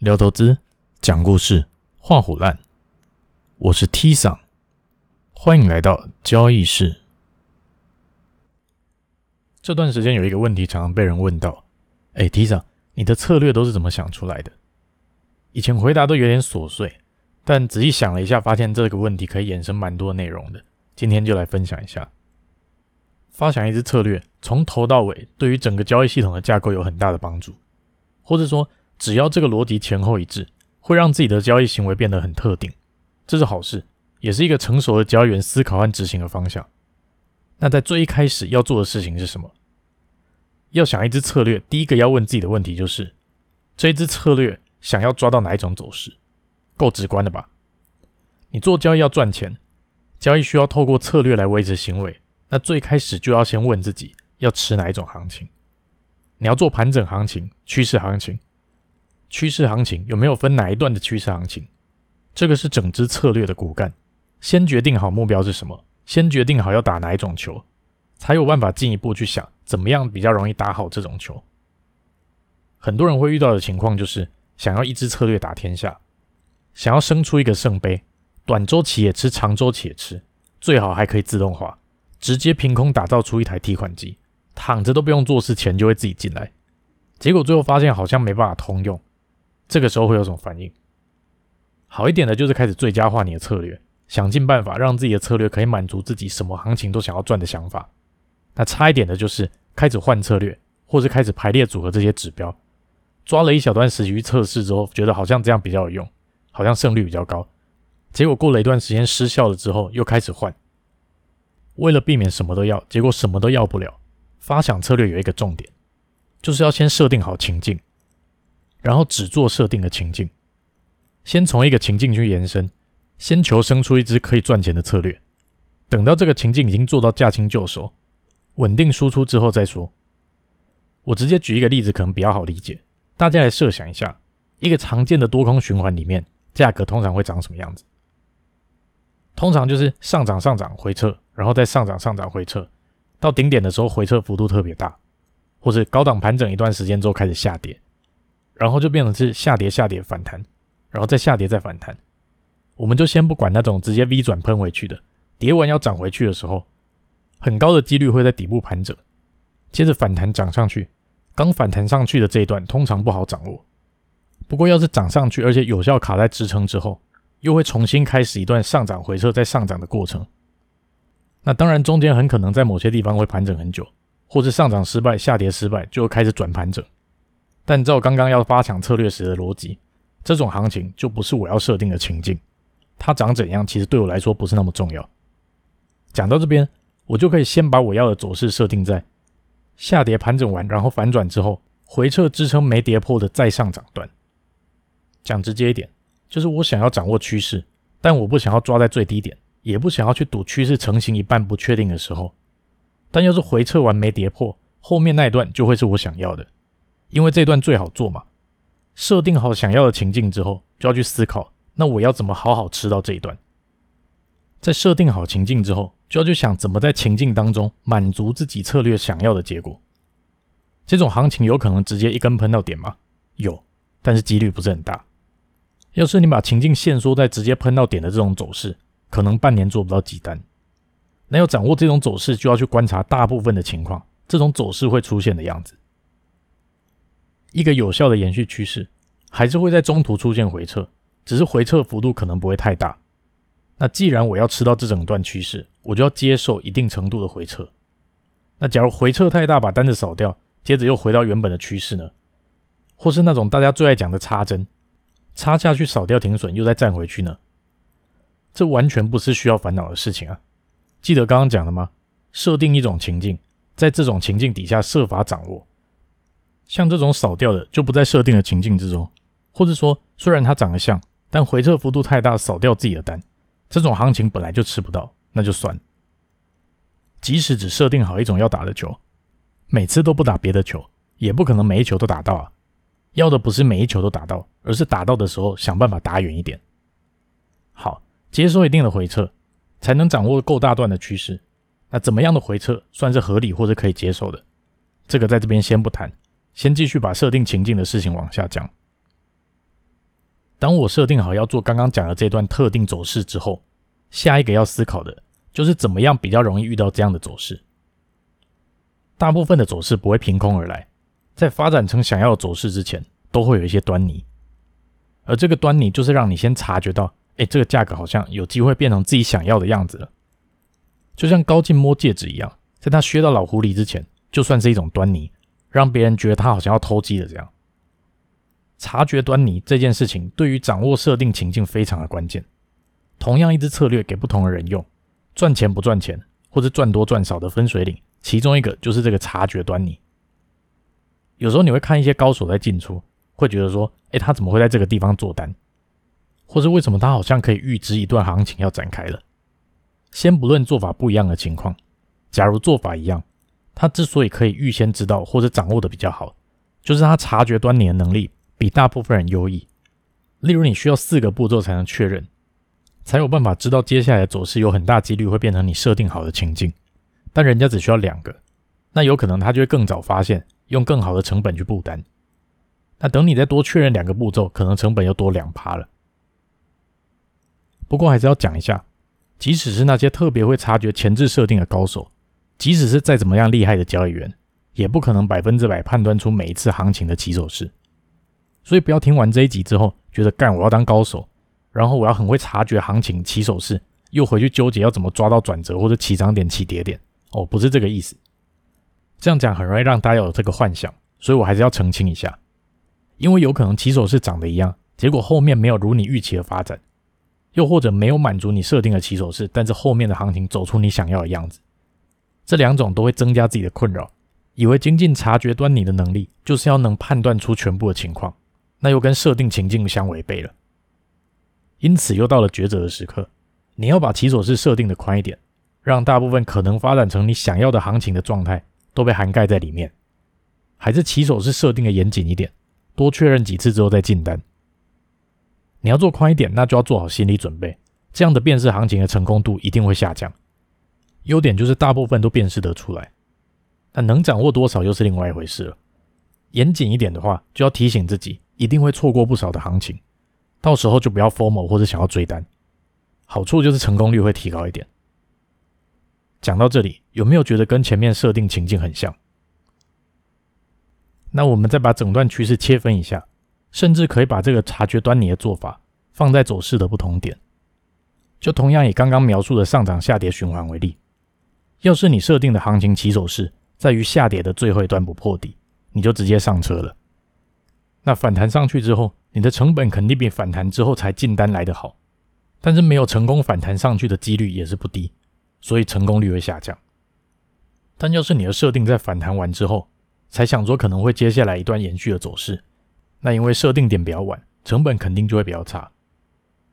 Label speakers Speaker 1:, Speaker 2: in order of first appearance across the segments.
Speaker 1: 聊投資，講故事，話虎爛。我是 T 桑，歡迎來到交易室。這段時間有一個問題常常被人問到：哎，欸，T 桑，你的策略都是怎麼想出來的？以前回答都有點瑣碎，但仔細想了一下，發現這個問題可以衍生蠻多的內容的。今天就來分享一下，發想一支策略從頭到尾，對於整個交易系統的架構有很大的幫助，或者說。只要這個邏輯前後一致，會讓自己的交易行為變得很特定，這是好事，也是一個成熟的交易員思考和執行的方向。那在最一開始要做的事情是什麼？要想一支策略，第一個要問自己的問題就是：這一支策略想要抓到哪一種走勢？夠直觀的吧？你做交易要賺錢，交易需要透過策略來維持行為，那最開始就要先問自己要持哪一種行情？你要做盤整行情、趨勢行情？趨勢行情有沒有分哪一段的趨勢行情？這個是整支策略的骨幹。先決定好目標是什麼，先決定好要打哪一種球，才有辦法進一步去想怎麼樣比較容易打好這種球。很多人會遇到的情況就是，想要一支策略打天下，想要生出一個聖杯，短週期也吃，長週期也吃，最好還可以自動化，直接憑空打造出一台提款機，躺着都不用做事，錢就會自己進來。結果最後發現好像沒辦法通用。這個時候會有什麼反應？好一點的就是開始最佳化你的策略，想盡辦法讓自己的策略可以滿足自己什麼行情都想要賺的想法。那差一點的就是開始換策略，或是開始排列組合這些指標，抓了一小段時間測試之後，覺得好像這樣比較有用，好像勝率比較高。結果過了一段時間失效了之後，又開始換。為了避免什麼都要，結果什麼都要不了，發想策略有一個重點，就是要先設定好情境。然後只做設定的情境，先從一個情境去延伸，先求生出一支可以賺錢的策略。等到這個情境已經做到駕輕就熟、穩定輸出之後再說。我直接舉一個例子可能比較好理解，大家來設想一下，一個常見的多空循環裡面，價格通常會長什麼樣子？通常就是上漲、上漲、回撤，然後再上漲、上漲、回撤，到頂點的時候回撤幅度特別大，或是高檔盤整一段時間之後開始下跌。然後就變成是下跌、下跌、反彈，然後再下跌、再反彈。我們就先不管那種直接 V 轉噴回去的，跌完要漲回去的時候，很高的幾率會在底部盤整，接着反彈漲上去。剛反彈上去的這一段通常不好掌握，不過要是漲上去，而且有效卡在支撐之後，又會重新開始一段上漲回撤再上漲的過程。那當然，中間很可能在某些地方會盤整很久，或是上漲失敗、下跌失敗，就會開始轉盤整。但依照剛剛要發搶策略時的邏輯，這種行情就不是我要設定的情境。它漲怎樣，其實對我來說不是那麼重要。講到這邊，我就可以先把我要的走勢設定在下跌盤整完，然後反轉之後回撤支撐沒跌破的再上漲段。講直接一點，就是我想要掌握趨勢，但我不想要抓在最低點，也不想要去賭趨勢成型一半不確定的時候。但要是回撤完沒跌破，後面那段就會是我想要的。因為這段最好做嘛，設定好想要的情境之後，就要去思考，那我要怎麼好好吃到這一段？在設定好情境之後，就要去想怎麼在情境當中滿足自己策略想要的結果。這種行情有可能直接一根噴到點嗎？有，但是幾率不是很大。要是你把情境限縮在直接噴到點的這種走勢，可能半年做不到幾單。那要掌握這種走勢，就要去觀察大部分的情況，這種走勢會出現的樣子。一個有效的延續趨勢，還是會在中途出現回撤，只是回撤幅度可能不會太大。那既然我要吃到這整段趨勢，我就要接受一定程度的回撤。那假如回撤太大，把單子掃掉，接着又回到原本的趨勢呢？或是那種大家最愛講的插針，插下去掃掉停損，又再站回去呢？這完全不是需要煩惱的事情啊。記得剛剛講的嗎？設定一種情境，在這種情境底下設法掌握。像這種掃掉的，就不在設定的情境之中，或者說，雖然它長得像，但回撤幅度太大，掃掉自己的單，這種行情本來就吃不到，那就算。即使只設定好一種要打的球，每次都不打別的球，也不可能每一球都打到啊。要的不是每一球都打到，而是打到的時候想辦法打遠一點，好，接受一定的回撤，才能掌握夠大段的趨勢。那怎麼樣的回撤算是合理或者可以接受的？這個在這邊先不談。先繼續把設定情境的事情往下講。當我設定好要做剛剛講的這段特定走勢之後，下一個要思考的就是怎麼樣比較容易遇到這樣的走勢。大部分的走勢不會憑空而來，在發展成想要的走勢之前，都會有一些端倪。而這個端倪就是讓你先察覺到，哎，這個價格好像有機會變成自己想要的樣子了。就像高進摸戒指一樣，在他削到老狐狸之前，就算是一種端倪。讓別人覺得他好像要偷雞的這樣，察覺端倪這件事情對於掌握設定情境非常的關鍵。同樣一支策略給不同的人用，賺錢不賺錢或者賺多賺少的分水嶺，其中一個就是這個察覺端倪。有時候你會看一些高手在進出，會覺得說，哎，他怎麼會在這個地方做單？或者為什麼他好像可以預知一段行情要展開了？先不論做法不一樣的情況，假如做法一樣。他之所以可以預先知道或者掌握的比較好，就是他察覺端倪的能力比大部分人優異。例如，你需要四個步驟才能確認，才有辦法知道接下來的走勢有很大幾率會變成你設定好的情境。但人家只需要兩個，那有可能他就會更早發現，用更好的成本去布單。那等你再多確認兩個步驟，可能成本又多兩趴了。不過還是要講一下，即使是那些特別會察覺前置設定的高手。即使是再怎麼樣厲害的交易員，也不可能百分之百判斷出每一次行情的起手式，所以不要聽完這一集之後覺得“幹我要當高手”，然後我要很會察覺行情起手式，又回去糾結要怎麼抓到轉折或者起漲點、起跌點。哦，不是這個意思，這樣講很容易讓大家有這個幻想，所以我還是要澄清一下，因為有可能起手式長得一樣，結果後面沒有如你預期的發展，又或者沒有滿足你設定的起手式，但是後面的行情走出你想要的樣子。這兩種都會增加自己的困擾，以為精進察覺端倪的能力就是要能判斷出全部的情況，那又跟設定情境相違背了。因此，又到了抉擇的時刻，你要把起手式設定的寬一點，讓大部分可能發展成你想要的行情的狀態都被涵蓋在裡面，還是起手式設定的嚴謹一點，多確認幾次之後再進單。你要做寬一點，那就要做好心理準備，這樣的辨識行情的成功度一定會下降。優點就是大部分都辨識得出來，但能掌握多少又是另外一回事了。嚴謹一點的話，就要提醒自己，一定會錯過不少的行情，到時候就不要 FOMO 或者想要追單。好處就是成功率會提高一點。講到這裡，有沒有覺得跟前面設定情境很像？那我們再把整段趨勢切分一下，甚至可以把這個察覺端倪的做法放在走勢的不同點，就同樣以剛剛描述的上漲下跌循環為例。要是你設定的行情起手式在於下跌的最後一段不破底，你就直接上車了。那反彈上去之後，你的成本肯定比反彈之後才進單來得好。但是沒有成功反彈上去的幾率也是不低，所以成功率會下降。但要是你的設定在反彈完之後才想着可能會接下來一段延續的走勢，那因為設定點比較晚，成本肯定就會比較差。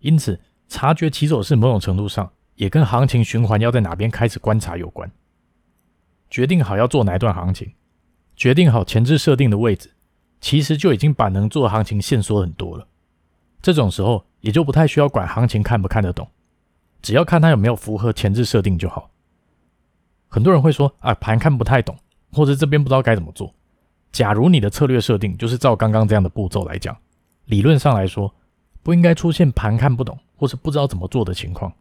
Speaker 1: 因此，察覺起手式某種程度上。也跟行情循環要在哪邊開始觀察有關，決定好要做哪一段行情，決定好前置設定的位置，其實就已經把能做的行情限縮很多了。這種時候也就不太需要管行情看不看得懂，只要看它有沒有符合前置設定就好。很多人會說啊，盤看不太懂，或者這邊不知道該怎麼做。假如你的策略設定就是照剛剛這樣的步驟來講，理論上來說不應該出現盤看不懂或是不知道怎麼做的情況。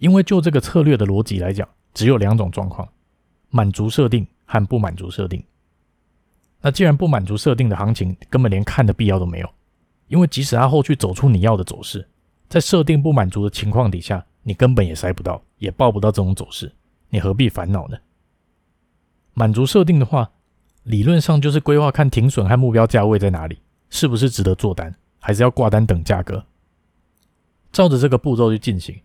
Speaker 1: 因為就這個策略的邏輯來講，只有兩種狀況：滿足設定和不滿足設定。那既然不滿足設定的行情，根本連看的必要都沒有。因為即使它後續走出你要的走勢，在設定不滿足的情況底下，你根本也塞不到，也抱不到這種走勢，你何必煩惱呢？滿足設定的話，理論上就是規劃看停損和目標價位在哪裡，是不是值得做單，還是要掛單等價格，照着這個步驟去進行。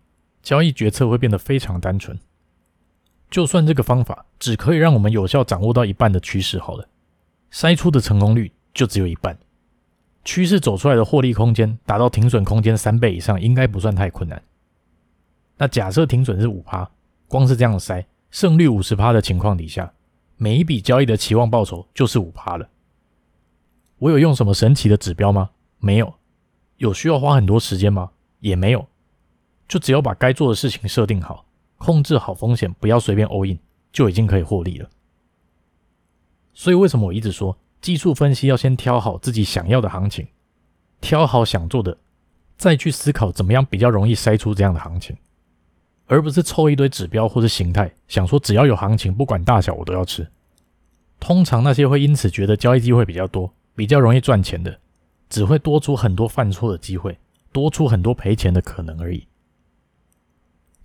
Speaker 1: 交易決策會變得非常單純，就算這個方法只可以讓我們有效掌握到一半的趨勢，好了，篩出的成功率就只有一半。趨勢走出來的獲利空間達到停損空間三倍以上，應該不算太困難。那假設停損是五趴，光是這樣篩，勝率五十趴的情況底下，每一筆交易的期望報酬就是五趴了。我有用什麼神奇的指標嗎？沒有。有需要花很多時間嗎？也沒有。就只要把該做的事情設定好，控制好風險，不要隨便 all in，就已經可以獲利了。所以為什麼我一直說技術分析要先挑好自己想要的行情，挑好想做的，再去思考怎麼樣比較容易篩出這樣的行情，而不是湊一堆指標或是形態，想說只要有行情，不管大小我都要吃。通常那些會因此覺得交易機會比較多、比較容易賺錢的，只會多出很多犯錯的機會，多出很多賠錢的可能而已。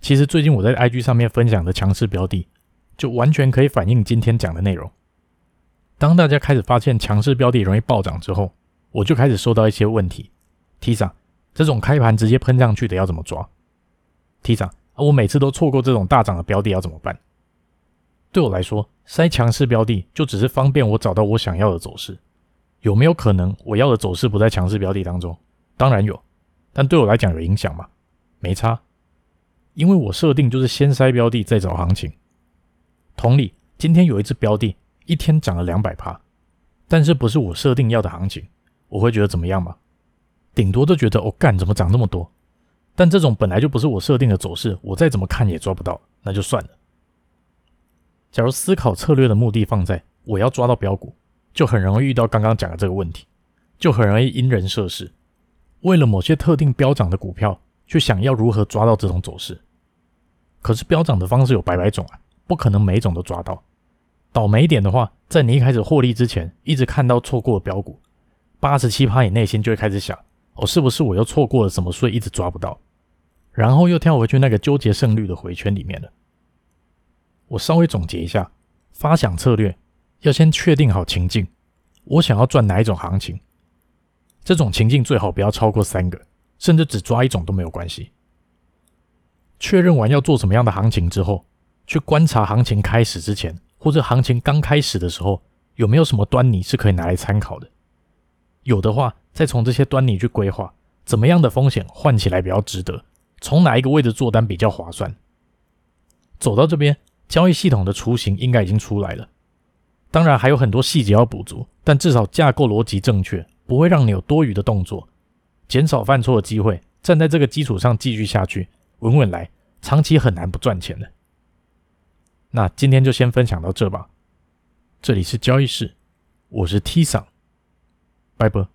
Speaker 1: 其實最近我在 IG 上面分享的強勢標的，就完全可以反映今天講的內容。當大家開始發現強勢標的容易暴漲之後，我就開始收到一些問題：Tisa 這種開盤直接噴上去的要怎麼抓？Tisa 啊，Tisa, 我每次都錯過這種大漲的標的要怎麼辦？對我來說，篩強勢標的就只是方便我找到我想要的走勢。有沒有可能我要的走勢不在強勢標的當中？當然有，但對我來講有影響嗎？沒差。因為我設定就是先篩標的，再找行情。同理，今天有一隻標的一天漲了兩百趴，但是不是我設定要的行情，我會覺得怎麼樣嗎？頂多都覺得我、哦、幹怎麼漲那麼多？但這種本來就不是我設定的走勢，我再怎麼看也抓不到，那就算了。假如思考策略的目的放在我要抓到標股，就很容易遇到剛剛講的這個問題，就很容易因人設事，為了某些特定飆漲的股票，就想要如何抓到這種走勢，可是飆漲的方式有百百種啊，不可能每種都抓到。倒霉點的話，在你一開始獲利之前，一直看到錯過的標股87，八十七趴，你內心就會開始想：哦，是不是我又錯過了什麼，所以一直抓不到？然後又跳回去那個糾結勝率的回圈裡面了。我稍微總結一下，發想策略要先確定好情境，我想要賺哪一種行情，這種情境最好不要超過三個。甚至只抓一種都沒有關係。確認完要做什麼樣的行情之後，去觀察行情開始之前，或者行情剛開始的時候，有沒有什麼端倪是可以拿來參考的。有的話，再從這些端倪去規劃，怎麼樣的風險換起來比較值得，從哪一個位置做單比較划算。走到這邊，交易系統的雛形應該已經出來了。當然還有很多細節要補足，但至少架構邏輯正確，不會讓你有多餘的動作。減少犯錯的機會，站在這個基礎上繼續下去，穩穩來，長期很難不賺錢的。那今天就先分享到這吧。這裡是交易事，我是 T 桑，拜拜。